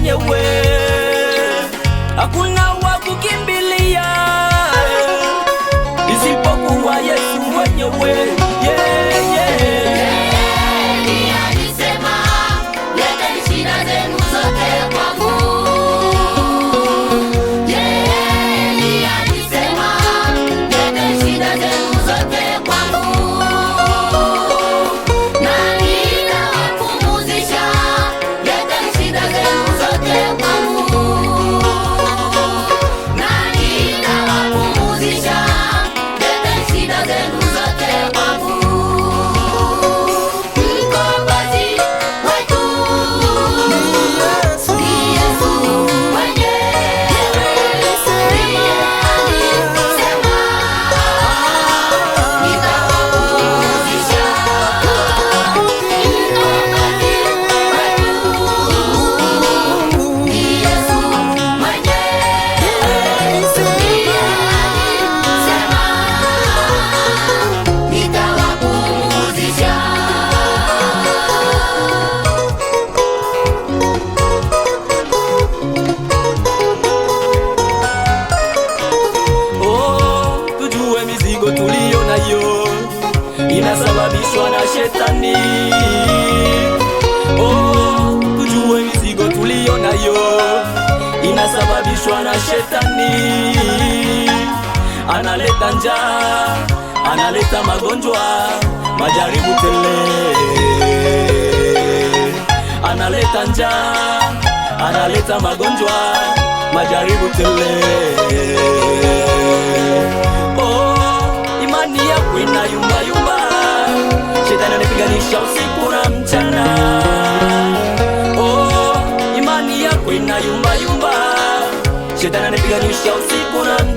mwenyewe hakuna shetani analeta njaa, analeta magonjwa, majaribu tele, analeta njaa, analeta magonjwa, majaribu tele. Oh, imani yako yumba, shetani anapiganisha usiku não no chão segurando